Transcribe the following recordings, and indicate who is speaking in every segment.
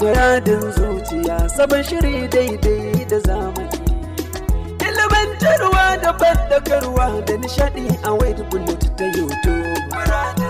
Speaker 1: Muradin zuciya sabon shiri daidai da zamani. Ilimantarwa da fadakarwa da nishadi a wade bullet ta YouTube.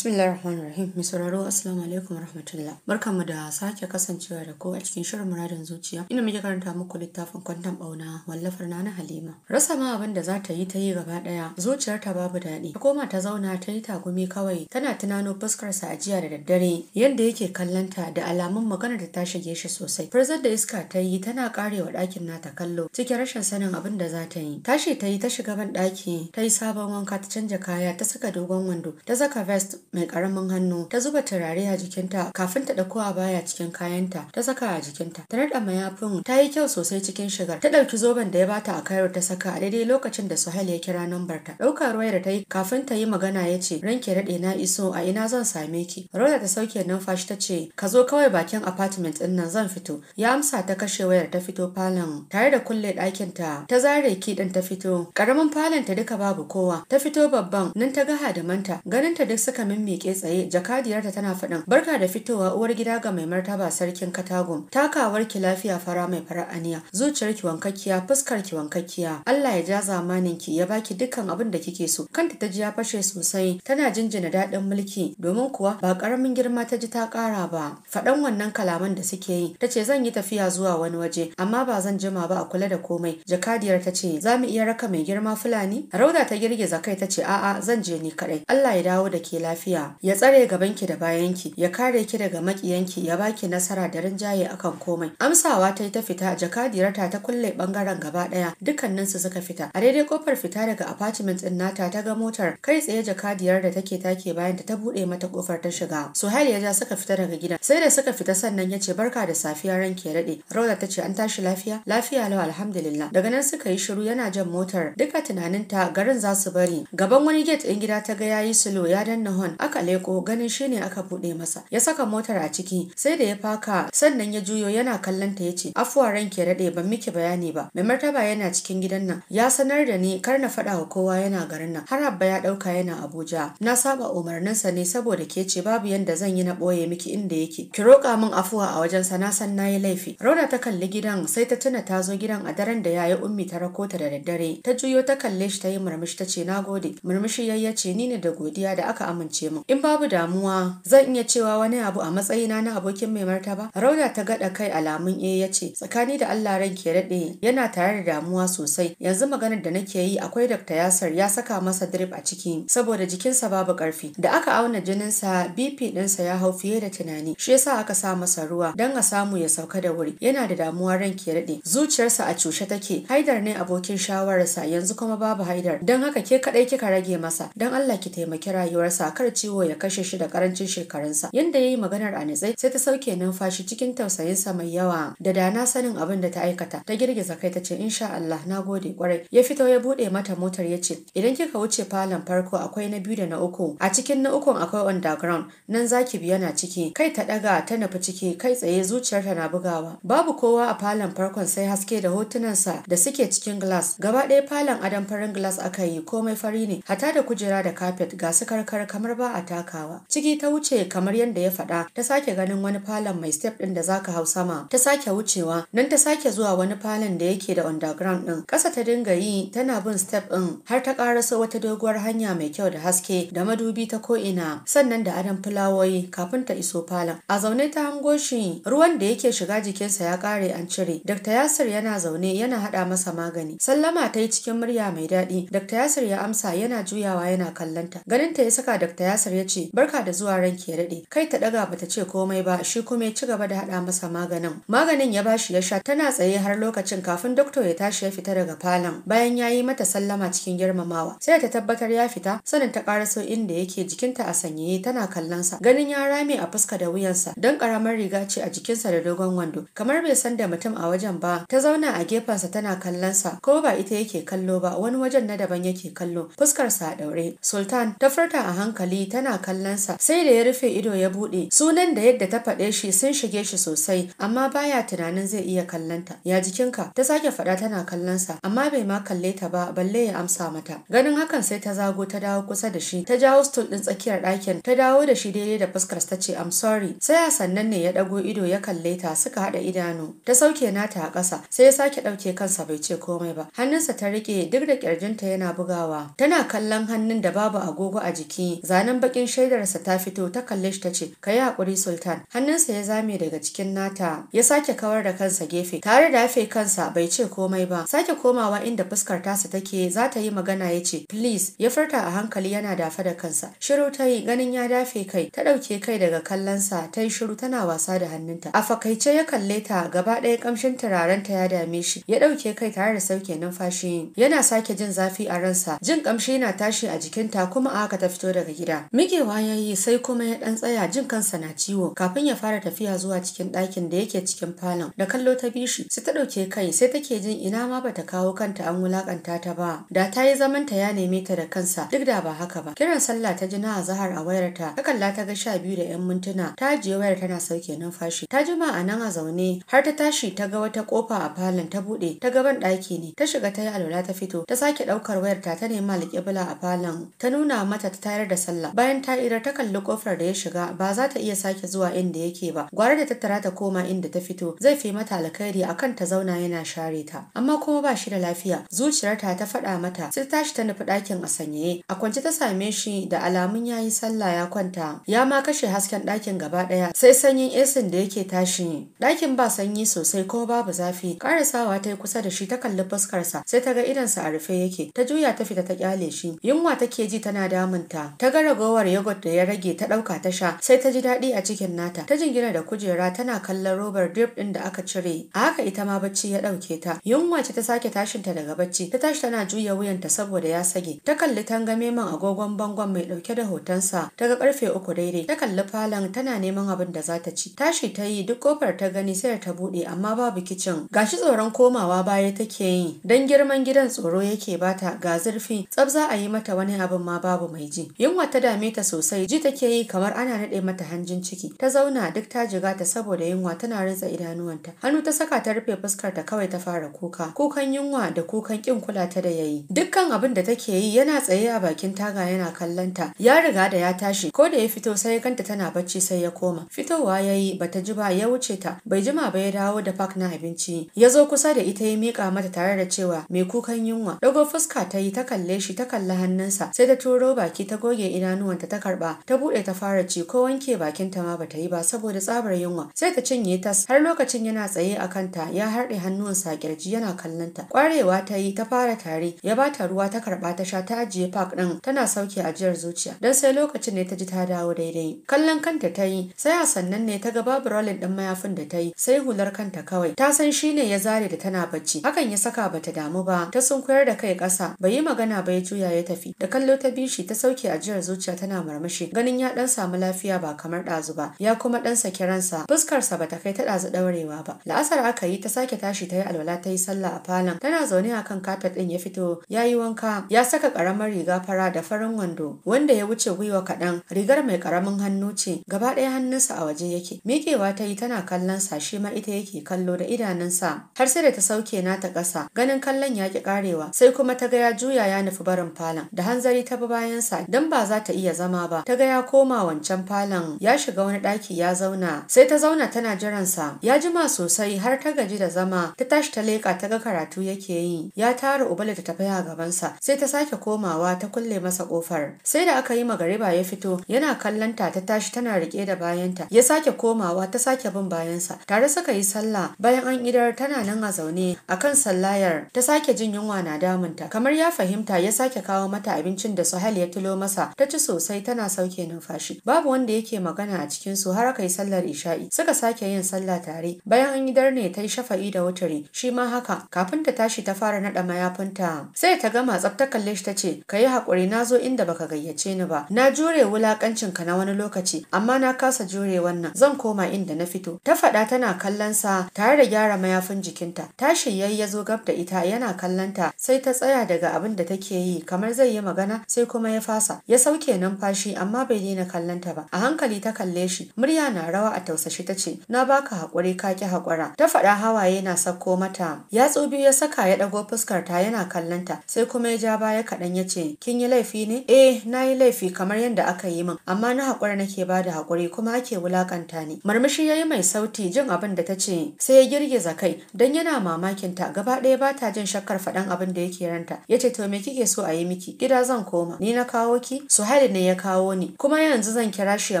Speaker 1: Bismillah ar-Rahman rahim mai sauraro Assalamu alaikum rahmatullah. da sake kasancewa da ku a cikin shirin muradin zuciya. Ina muke karanta muku littafin kwantan bauna wallafar na Halima. Rasa ma abin da za ta yi ta yi gaba daya. Zuciyar ta babu daɗi. Ta koma ta zauna ta yi tagumi kawai tana tunano fuskar sa a jiya da daddare yadda yake kallanta da alamun maganar da ta shige shi sosai. Furzar da iska ta yi tana karewa ɗakin nata kallo cikin rashin sanin abin da za ta yi. Tashi ta yi ta shiga ban ɗaki ta yi sabon wanka ta canja kaya ta saka dogon wando ta saka vest mai karamin hannu ta zuba turare a jikinta kafin ta dauko a baya cikin kayanta ta saka a jikinta ta rada mayafin ta yi kyau sosai cikin shigar ta dauki zoben da ya bata a kairo ta saka a daidai lokacin da Suhail ya kira nambar ta dauka da ta yi kafin ta yi magana ya ce ranke rade na iso a ina zan same ki Rola ta sauke numfashi ta ce ka zo kawai bakin apartment din nan zan fito ya amsa ta kashe wayar ta fito falon tare da kulle ɗakin ta ta zare ki din ta fito karamin falon ta duka babu kowa ta fito babban nan ta ga hadamanta ganin ta duk suka mi miƙe tsaye jakadiyarta tana faɗin barka da fitowa uwar gida ga mai martaba sarkin katagum takawar ki lafiya fara mai fara aniya zuciyar ki wankakkiya fuskar ki wankakkiya Allah ya ja zamanin ki ya baki dukkan abin da kike so kanta ta ji ya fashe sosai tana jinjina daɗin mulki domin kuwa ba ƙaramin girma ta ji ta ƙara ba faɗan wannan kalaman da suke yi ta ce zan yi tafiya zuwa wani waje amma ba zan jima ba a kula da komai jakadiyar ta ce za mu iya raka mai girma fulani rauda ta girgiza kai ta ce a'a zan je ni kaɗai Allah ya dawo da ke lafiya lafiya ya tsare gabanki da bayanki ya kare ki daga makiyanki ya baki nasara da rinjaye akan komai amsawa ta yi ta fita jakadirata ta kulle bangaren gaba daya dukkanin su suka fita a daidai kofar fita daga apartment din nata ta ga motar kai tsaye jakadiyar da take take bayan ta bude mata kofar ta shiga suhail ya ja suka fita daga gidan sai da suka fita sannan ya ce barka da safiya ranki ya dade ta ce an tashi lafiya lafiya lau alhamdulillah daga nan suka yi shiru yana jan motar duka tunaninta garin za su bari gaban wani gate din gida ta ga yayi sulo ya danna hon aka leko ganin shine aka buɗe masa ya saka motar a ciki sai da ya faka sannan ya juyo yana kallon ta ce. afuwa ranke daɗe ban miki bayani ba mai martaba yana cikin gidan nan ya sanar da ni kar na faɗa wa kowa yana garin nan har abba ya ɗauka yana abuja na saba umarninsa ne saboda ke ce babu yanda zan yi na ɓoye miki inda yake ki roƙa min afuwa a wajen Na san na yi laifi rauna ta kalli gidan sai ta tuna tazo gidan a daren da yayi ummi ta rako ta da daddare ta juyo ta kalle shi ta yi murmushi ta ce "Na gode!" murmushi yayyace ni ne da godiya da aka amince amince mu in babu damuwa zan iya cewa wani abu a matsayina na abokin mai martaba rauda ta gada kai alamun e ya ce tsakani da Allah ran ke daɗe yana tare da damuwa sosai yanzu maganar da nake yi akwai Dr. yasar ya saka masa drip a ciki saboda jikinsa babu karfi da aka auna jininsa BP ɗinsa ya hau fiye da tunani shi yasa aka sa masa ruwa Dan a samu ya sauka da wuri yana da damuwa ran ke daɗe zuciyarsa a cushe take haidar ne abokin shawararsa yanzu kuma babu haidar don haka ke kaɗai kika rage masa don Allah ki taimaki rayuwarsa kar ciwo ya kashe shi da karancin shekarunsa yadda ya yi maganar a nitsai sai ta sauke numfashi cikin tausayinsa mai yawa da da na sanin abin da ta aikata ta girgiza kai ta ce insha Allah na gode kwarai ya fito ya buɗe mata motar ya ce idan kika wuce falon farko akwai na biyu da na uku a cikin na ukun akwai underground nan zaki biya na ciki kai ta ɗaga ta nufi ciki kai tsaye zuciyarta na bugawa babu kowa a falon farkon sai haske da hotunansa da suke cikin glass gaba ɗaya falon adamfarin glass aka yi komai fari ne hata da kujera da carpet ga su karkar kamar ba ba a takawa ciki ta wuce kamar yadda ya faɗa ta sake ganin wani falon mai step ɗin da za ka hau sama ta sake wucewa nan ta sake zuwa wani falon da yake da underground ɗin ƙasa ta dinga yi tana bin step ɗin har ta ƙaraso wata doguwar hanya mai kyau da haske da madubi ta ko'ina sannan da adon fulawoyi kafin ta iso falon a zaune ta hango shi ruwan da yake shiga jikinsa ya kare an cire dr yasir yana zaune yana haɗa masa magani sallama ta yi cikin murya mai daɗi dr yasir ya amsa yana juyawa yana kallonta ganin ta ya saka dr Nasir ya ce, "Barka da zuwa ranki ya daɗe." Kai ta ɗaga ba ta ce komai ba, shi kuma ya ci gaba da haɗa masa maganin. Maganin ya bashi ya sha tana tsaye har lokacin kafin doktor ya tashi ya fita daga falon. Bayan ya yi mata sallama cikin girmamawa, sai ta tabbatar ya fita, sanin ta ƙaraso inda yake jikinta a sanyaye tana kallon sa. Ganin ya rame a fuska da wuyansa, don ƙaramar riga ce a jikinsa da dogon wando. Kamar bai san da mutum a wajen ba, ta zauna a gefensa tana kallon sa. ko ba ita yake kallo ba, wani wajen na daban yake kallo. Fuskarsa a ɗaure. Sultan ta furta a hankali tana kallonsa sai da ya rufe ido ya buɗe sunan da yadda ta faɗe shi sun shige shi sosai amma baya tunanin zai iya kallonta ya jikinka ta sake faɗa tana kallonsa amma bai ma kalle ta ba balle ya amsa mata ganin hakan sai ta zago ta dawo kusa da shi ta jawo stool din tsakiyar ɗakin ta dawo da shi daidai da fuskar ta ce I'm sorry sai a sannan ne ya ɗago ido ya kalle ta suka haɗa idanu ta sauke nata a ƙasa sai ya sake ɗauke kansa bai ce komai ba hannunsa ta riƙe duk da ƙirjinta yana bugawa tana kallon hannun da babu agogo a jiki zanen Bayan bakin shaidarsa ta fito ta kalle shi ta ce, "Ka yi haƙuri Sultan." Hannunsa ya zame daga cikin nata, ya sake kawar da kansa gefe. Tare da yafe kansa bai ce komai ba. Sake komawa inda fuskar tasa take za ta yi magana ya ce, "Please." Ya furta a hankali yana dafa da kansa. Shiru ta yi ganin ya dafe kai, ta ɗauke kai daga kallonsa, ta yi shiru tana wasa da hannunta. A fakaice ya kalle ta gaba ɗaya kamshin ta ya dame shi. Ya ɗauke kai tare da sauke numfashi. Yana sake jin zafi a ransa. Jin kamshi na tashi a jikinta kuma a haka ta fito daga gida. gida mikewa ya yi sai kuma ya dan tsaya jin kansa na ciwo kafin ya fara tafiya zuwa cikin ɗakin da yake cikin falon da kallo ta bishi sai ta ɗauke kai sai take jin ina ma bata kawo kanta an wulakanta ta ba da ta yi zaman ta ya neme ta da kansa duk da ba haka ba kiran sallah ta ji na azahar a wayarta ta kalla ta ga sha biyu da yan mintuna ta ajiye wayar tana sauke numfashi ta jima a nan a zaune har ta tashi ta ga wata kofa a falon ta buɗe ta gaban ɗaki ne ta shiga ta yi alwala ta fito ta sake ɗaukar wayar ta ta nemi alƙibla a falon ta nuna mata ta tayar da sallah bayan ta ira ta kalli kofar da ya shiga ba za ta iya sake zuwa inda yake ba gwara da tattara ta koma inda ta fito zai fi mata alkhairi akan ta zauna yana share ta amma kuma ba shi da lafiya zuciyarta ta faɗa mata sai ta tashi ta nufi ɗakin a sanyaye a kwance ta same shi da alamun ya yi sallah ya kwanta ya ma kashe hasken ɗakin gaba ɗaya sai sanyin esin da yake tashi ɗakin ba sanyi sosai ko babu zafi karasawa ta yi kusa da shi ta kalli fuskarsa sai ta ga sa a rufe yake ta juya ta fita ta kyale shi yunwa take ji tana damunta ta gara agowar yogurt da ya rage ta ɗauka ta sha sai ta ji daɗi a cikin nata. Ta jingina da kujera tana kallon robar drip ɗin da aka cire. A haka ita ma bacci ya ɗauke ta. Yunwa ce ta sake tashinta daga bacci. Ta tashi tana juya wuyanta saboda ya sage. Ta kalli tangame man agogon bangon mai ɗauke da hotonsa daga karfe uku daidai. Ta kalli falon tana neman abin da za ta ci. Tashi ta yi duk kofar ta gani sai ta buɗe amma babu kicin. Gashi tsoron komawa baya take yi. Dan girman gidan tsoro yake bata ga zurfi. Tsab za a yi mata wani abin ma babu mai ji. Yunwa ta dame ta sosai ji take yi kamar ana naɗe mata hanjin ciki ta zauna duk ta jiga ta saboda yunwa tana rantsa idanuwanta hannu ta saka ta rufe fuskar ta kawai ta fara kuka kukan yunwa da kukan kin kula ta da yayi dukkan abin da take yi yana tsaye a bakin taga yana kallon ya riga da ya tashi ko da ya fito sai ya kanta tana bacci sai ya koma fitowa yayi bata ji ba ya wuce ta bai jima ba ya dawo da pak na abinci ya zo kusa da ita ya mika mata tare da cewa mai kukan yunwa dago fuska ta yi ta kalle shi ta kalli hannunsa sai ta turo baki ta goge idan idanuwanta ta karba ta bude ta fara ci ko wanke bakin ta ma bata yi ba saboda tsabar yunwa sai ta cinye tas har lokacin yana tsaye a kanta ya harɗe sa kirji yana kallon ta kwarewa ta yi ta fara tare ya bata ruwa ta karba ta sha ta ajiye park din tana sauke ajiyar zuciya dan sai lokacin ne ta ji ta dawo daidai kallon kanta ta yi sai a sannan ne ta ga babu rolin din mayafin da ta yi sai hular kanta kawai ta san shi ne ya zare da tana bacci hakan ya saka bata damu ba ta sunkuyar da kai ƙasa bai yi magana ba ya juya ya tafi da kallo ta bishi ta sauke ajiyar zuciya zuciya tana marmashi ganin ya dan samu lafiya ba kamar ɗazu ba ya kuma dan saki ransa fuskarsa ba ta kai ta ɗazu daurewa ba la'asar aka yi ta sake tashi ta yi alwala ta yi sallah a falon tana zaune a kan kafet ɗin ya fito ya yi wanka ya saka karamar riga fara da farin wando wanda ya wuce gwiwa kaɗan rigar mai karamin hannu ce gaba ɗaya hannunsa a waje yake miƙewa ta yi tana kallon sa shi ma ita yake kallo da idanunsa har sai da ta sauke nata ƙasa ganin kallon ya ƙi ƙarewa sai kuma ta ga ya juya ya nufi barin falon da hanzari ta bi bayansa don ba za ta iya zama ba ta ga ya koma wancan falon ya shiga wani ɗaki ya zauna sai ta zauna tana jiransa ya jima sosai har ta gaji da zama ta tashi ta leƙa ta ga karatu yake yi ya tara ta tafi a gabansa sai ta sake komawa ta kulle masa ƙofar sai da aka yi magariba ya fito yana kallon ta tashi tana riƙe da bayanta ya sake komawa ta sake bin bayansa tare suka yi sallah bayan an idar tana nan a zaune akan sallayar ta sake jin yunwa na damunta kamar ya fahimta ya sake kawo mata abincin da Sahel ya tulo masa ta ci sosai tana sauke numfashi babu wanda yake magana a cikin su har kai sallar isha'i suka sake yin sallah tare bayan an yi darne ta yi shafa'i da wutare shi ma haka kafin ta tashi ta fara naɗa mayafinta sai ta gama tsaf ta kalle shi ta ce ka yi haƙuri na zo inda baka gayyace ni ba na jure wulakancin ka na wani lokaci amma na kasa jure wannan zan koma inda na fito ta faɗa tana kallon sa tare da gyara mayafin jikinta tashi yayi ya zo gab da ita yana kallon sai ta tsaya daga abin da take yi kamar zai yi magana sai kuma ya fasa ya sauke sauke numfashi amma bai daina kallonta ta ba. A hankali ta kalle shi, murya na rawa a tausashe ta ce, "Na baka hakuri ka ki haƙura." Ta faɗa hawaye na sakko mata. Yatsu biyu ya saka ya ɗago fuskar ta yana kallon ta, sai kuma ya ja baya kaɗan ya ce, "Kin yi laifi ne?" "Eh, na yi laifi kamar yadda aka yi min, amma na haƙura nake ba da hakuri kuma ake wulaƙanta ni." Murmushi ya yi mai sauti jin abin da ta ce, sai ya girgiza kai don yana mamakin ta gaba ɗaya ba ta jin shakkar faɗan abin da yake ranta. Ya ce, "To me kike so a yi miki? Gida zan koma. Ni na kawo ki?" Suhail Khalid ne ya kawo ni kuma yanzu zan kira shi ya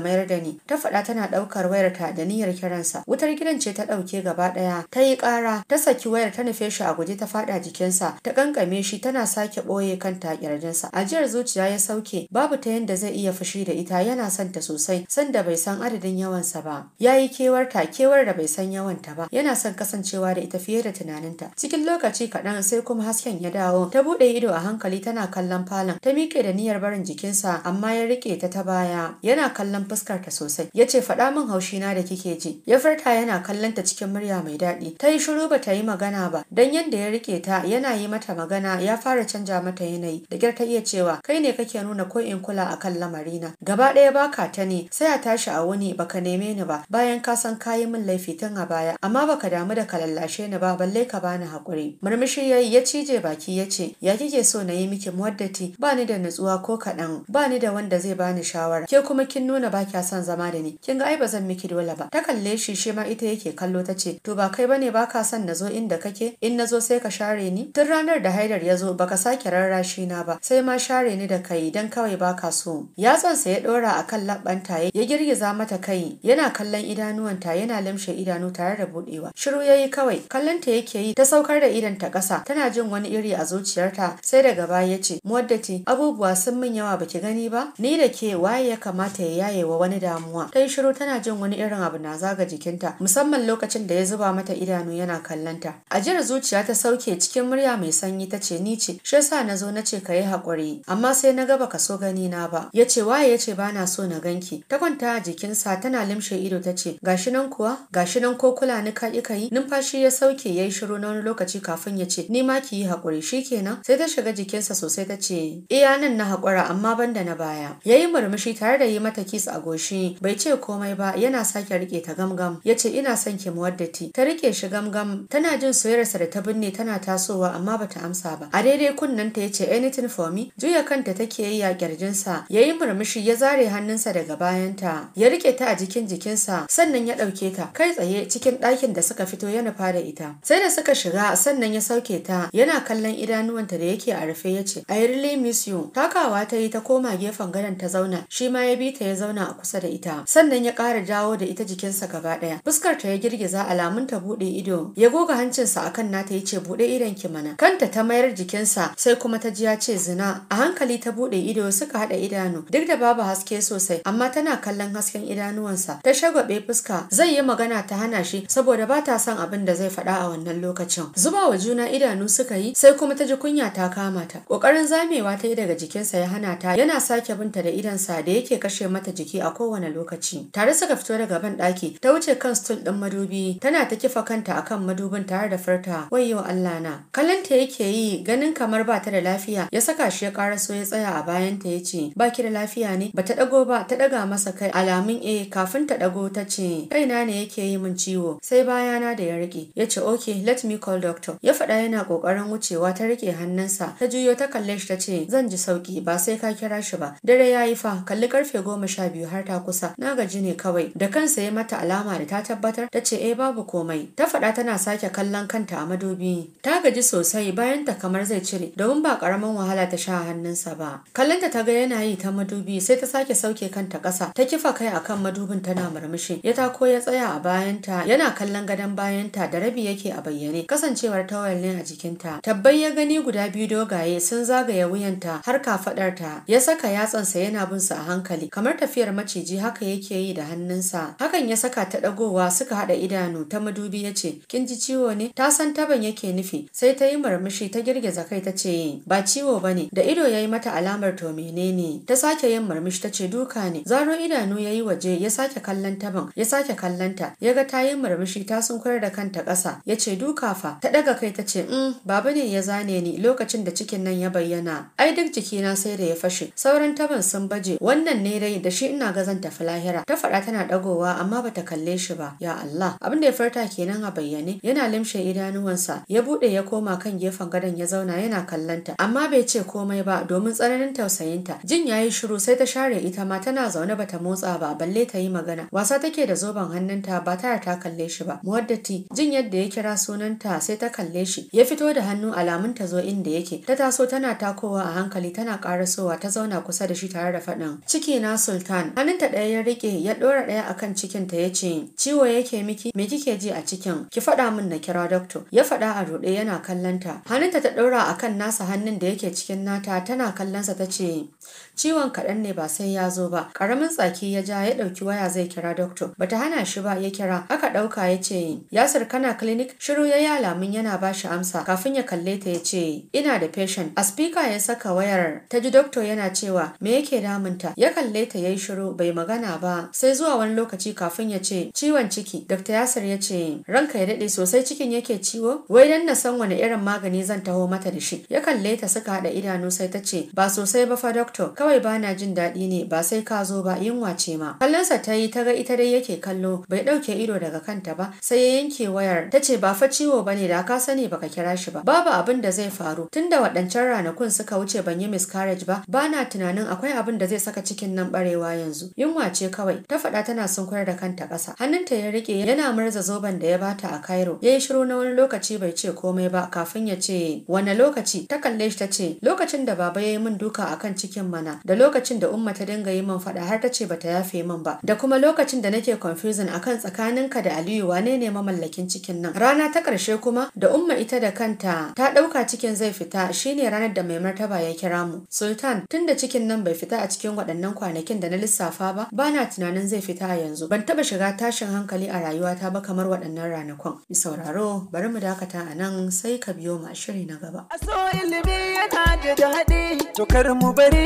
Speaker 1: mayar da ni ta faɗa tana ɗaukar wayar ta da niyyar kiransa wutar gidan ce ta ɗauke gaba ɗaya ta yi ƙara ta saki wayar ta nufe shi a guje ta faɗa jikinsa ta ƙanƙame shi tana sake ɓoye kanta a ƙirjinsa ajiyar zuciya ya sauke babu ta yadda zai iya fushi da ita yana son ta sosai sanda bai san adadin yawansa ba ya yi kewar ta kewar da bai san yawanta ba yana son kasancewa da ita fiye da tunaninta cikin lokaci kaɗan sai kuma hasken ya dawo ta buɗe ido a hankali tana kallon falon ta miƙe da niyyar barin jikinsa amma ya rike ta ta baya yana kallon fuskar ta sosai ya ce faɗa min haushi na da kike ji ya furta yana kallon ta cikin murya mai daɗi ta yi shiru ba ta yi magana ba dan yadda ya rike ta yana yi mata magana ya fara canja mata yanayi da kyar ta iya cewa kai ne kake nuna ko in kula akan lamarina gaba ɗaya baka ta ne sai a tashi a wuni baka neme ni ba bayan ka san kayi min laifi tun a baya amma baka damu da ka lallashe ni ba balle ka bani hakuri murmushi yayi ya cije baki ya ce ya kike so na yi miki muwaddati ba da nutsuwa ko kaɗan ba ni da wanda zai bani shawara ke kuma kin nuna ba kya son zama da ni kin ga ai ba zan miki dole ba ta kalle shi shi ma ita yake kallo ta ce to ba kai bane ba ka son na zo inda kake in na zo sai ka share ni tun ranar da haidar ya zo baka sake rarrashi na ba sai ma share ni da kai dan kawai ba ka so sa ya dora akan labbanta ya girgiza mata kai yana kallon idanuwanta yana lamshe idanu tare da budewa shiru yayi kawai kallon ta yake yi ta saukar da ta ƙasa tana jin wani iri a zuciyarta sai daga baya ya ce muwaddati abubuwa sun min yawa baki gani gani ba ni da ke waye ya kamata ya yaye wa wani damuwa ta shiru tana jin wani irin abu na zaga jikinta musamman lokacin da ya zuba mata idanu yana kallanta ajiyar zuciya ta sauke cikin murya mai sanyi ta ce ni ce shi yasa na zo na ce ka yi haƙuri amma sai na ga baka so gani na ba ya ce waye ya ce ba na so na ganki ta kwanta a jikinsa tana limshe ido ta ce gashi nan kuwa gashi nan ko kula ni ka ka yi numfashi ya sauke yayi shiru na wani lokaci kafin ya ce ni ma ki yi haƙuri shikenan sai ta shiga jikinsa sosai ta ce iya eh, nan na haƙura amma banda na na baya yi murmushi tare da yi mata kiss a goshi bai ce komai ba yana sake rike ta gamgam yace ina son ki muwaddati ta rike shi gamgam tana jin soyayyarsa da ta binne tana tasowa amma bata amsa ba a daidai kunnan ta yace anything for me juya kanta take yi a kirjinsa yayi murmushi ya zare hannunsa daga bayanta ya rike ta a jikin jikinsa sannan ya ɗauke ta kai tsaye cikin ɗakin da suka fito ya nufa da ita sai da suka shiga sannan ya sauke ta yana kallon idanuwanta da yake a rufe yace i really miss you takawa ta yi ta koma gida gefen gadon ta zauna shi ma ya bi ta ya zauna a kusa da ita sannan ya ƙara jawo da ita jikinsa gaba ɗaya fuskar ta ya girgiza alamun ta buɗe ido ya goga hancinsa a akan nata ya ce buɗe idon ki mana kanta ta mayar jikinsa sai kuma ta ji ya ce zina a hankali ta buɗe ido suka haɗa idanu duk da babu haske sosai amma tana kallon hasken idanuwansa ta shagwabe fuska zai yi magana ta hana shi saboda ba ta son abin da zai faɗa a wannan lokacin zuba wa juna idanu suka yi sai kuma ta ji kunya ta kama ta ƙoƙarin zamewa ta yi daga jikinsa ya hana ta yana sa sake binta da sa da yake kashe mata jiki a kowane lokaci. Tare suka fito daga ban daki ta wuce kan stool ɗin madubi tana ta kifa kanta akan madubin tare da farta wayyo Allah na. ta yake yi ganin kamar ba ta da lafiya ya saka shi ya karaso ya tsaya a bayanta ya ce ba ki da lafiya ne ba ta ɗago ba ta ɗaga masa kai alamun e kafin ta dago ta ce kaina ne yake yi min ciwo sai bayana da ya rike ya ce ok let me call doctor ya faɗa yana ƙoƙarin wucewa ta riƙe hannunsa ta juyo ta kalle shi ta ce zan ji sauƙi ba sai ka kira shi tashi ba dare ya yi fa kalli karfe goma sha biyu har ta kusa na gaji ne kawai da kansa ya mata alama da ta tabbatar ta ce e babu komai ta faɗa tana sake kallon kanta a madobi ta gaji sosai bayan ta kamar zai cire domin ba karamin wahala ta sha hannunsa ba Kallon ta ga yana yi ta madubi sai ta sake sauke kanta ƙasa ta kifa kai akan madubin tana murmushi ya ko ya tsaya a bayanta yana kallon gadon bayanta da rabi yake a bayyane kasancewar tawayar ne a jikinta tabbai ya gani guda biyu dogaye sun zagaya wuyanta har kafaɗarta ya saka haka yatsansa yana bin sa a hankali kamar tafiyar maciji haka yake yi da hannunsa hakan ya saka ta dagowa suka hada idanu ta madubi ya ce kin ji ciwo ne ta san taban yake nufi sai ta yi murmushi ta girgiza kai ta ce ba ciwo bane da ido ya yi mata alamar to menene ta sake yin murmushi ta ce duka ne zaro idanu ya yi waje ya sake kallon taban ya sake kallon ta ya ga ta yi murmushi ta sunkar da kanta ƙasa ya ce duka fa ta daga kai ta ce um baba ne ya zane ni lokacin da cikin nan ya bayyana ai duk jikina sai da ya fashe sauran taban sun baje wannan ne dai da shi ina ga zan tafi ta faɗa tana dagowa amma bata kalle shi ba ya Allah abin da ya farta kenan a bayyane yana limshe idanuwansa ya bude ya koma kan gefen gadon ya zauna yana kallanta amma bai ce komai ba domin tsananin tausayinta jin yayi shiru sai ta share ita ma tana zaune bata motsa ba balle ta yi magana wasa take da zoben hannunta ba tare ta kalle shi ba muwaddati jin yadda ya kira sunanta sai ta kalle shi ya fito da hannu alamun ta zo inda yake ta taso tana takowa a hankali tana karasowa ta zauna kusa da shi tare da faɗin ciki na sultan hannunta ɗaya ya rike. ya ɗora ɗaya akan cikin ta ya ce ciwo yake miki me kike ji a cikin ki faɗa min na kira doctor ya faɗa a ruɗe yana kallon ta hannunta ta ɗora akan nasa hannun da yake cikin nata tana kallonsa ta ce ciwon kaɗan ne ba sai ya zo ba ƙaramin tsaki ya ja ya ɗauki waya zai kira doctor bata hana shi ba ya kira aka ɗauka ya ce yasir kana clinic shiru ya yi alamun yana ba shi amsa kafin ya kalle ta ya ce ina da patient a speaker ya saka wayar ta ji doctor yana cewa cewa me yake damunta ya kalle ta yayi shiru bai magana ba sai zuwa wani lokaci kafin ya ce ciwon ciki Dr. Yasir ya ce ranka ya dade sosai cikin yake ciwo wai dan na san wani irin magani zan taho mata da shi ya kalle ta suka haɗa idanu sai ta ce ba sosai ba fa doctor kawai bana jin daɗi ne ba sai ka zo ba yunwa ce ma kallonsa ta yi ta ga ita dai yake kallo bai ɗauke ido daga kanta ba sai ya yanke wayar ta ce ba fa ciwo ba ne da ka sani baka kira shi ba babu abin da zai faru tunda waɗancan ranakun suka wuce ban yi miscarriage ba bana tunanin tunanin akwai abin da zai saka cikin nan barewa yanzu. Yunwa ce kawai, ta faɗa tana sunkuyar da kanta ƙasa. Hannunta ya rike yana murza zoben da ya bata a Cairo. Ya yi shiru na wani lokaci bai ce komai ba kafin ya ce wani lokaci ta kalle shi ta ce lokacin da baba ya yi min duka akan cikin mana da lokacin da umma ta dinga yi min faɗa har ta ce bata yafe min ba da kuma lokacin da nake confusing akan tsakaninka da Aliyu wane ne mamallakin cikin nan. Rana ta ƙarshe kuma da umma ita da kanta ta ɗauka cikin zai fita shine ranar da mai martaba ya kira mu. Sultan tunda cikin aikin nan bai fita a cikin waɗannan kwanakin da na lissafa ba ba na tunanin zai fita a yanzu ban taɓa shiga tashin hankali a rayuwata ba kamar waɗannan ranakun mi sauraro bari mu dakata a nan sai ka biyo mu a shiri na gaba a so ilimi yana da daɗi to kar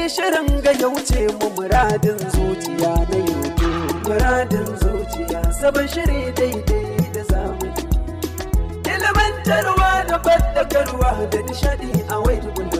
Speaker 1: shirin ga ya wuce mu muradin zuciya na yanzu muradin zuciya shiri daidai da zamani ilimantarwa da faɗakarwa da nishaɗi a wai